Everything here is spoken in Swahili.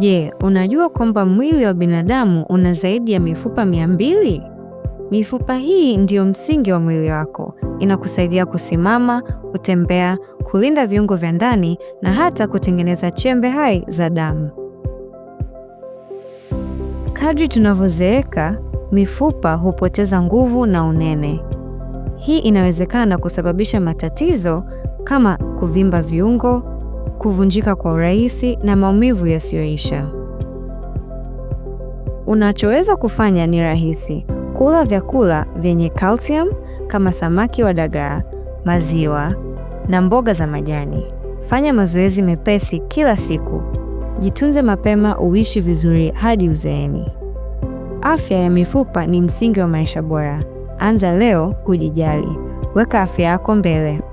Je, unajua kwamba mwili wa binadamu una zaidi ya mifupa mia mbili? Mifupa hii ndiyo msingi wa mwili wako. Inakusaidia kusimama, kutembea, kulinda viungo vya ndani na hata kutengeneza chembe hai za damu. Kadri tunavyozeeka, mifupa hupoteza nguvu na unene. Hii inawezekana kusababisha matatizo kama kuvimba viungo, kuvunjika kwa urahisi na maumivu yasiyoisha. Unachoweza kufanya ni rahisi: kula vyakula vyenye calcium kama samaki wa dagaa, maziwa na mboga za majani. Fanya mazoezi mepesi kila siku. Jitunze mapema uishi vizuri hadi uzeeni. Afya ya mifupa ni msingi wa maisha bora. Anza leo kujijali. Weka afya yako mbele.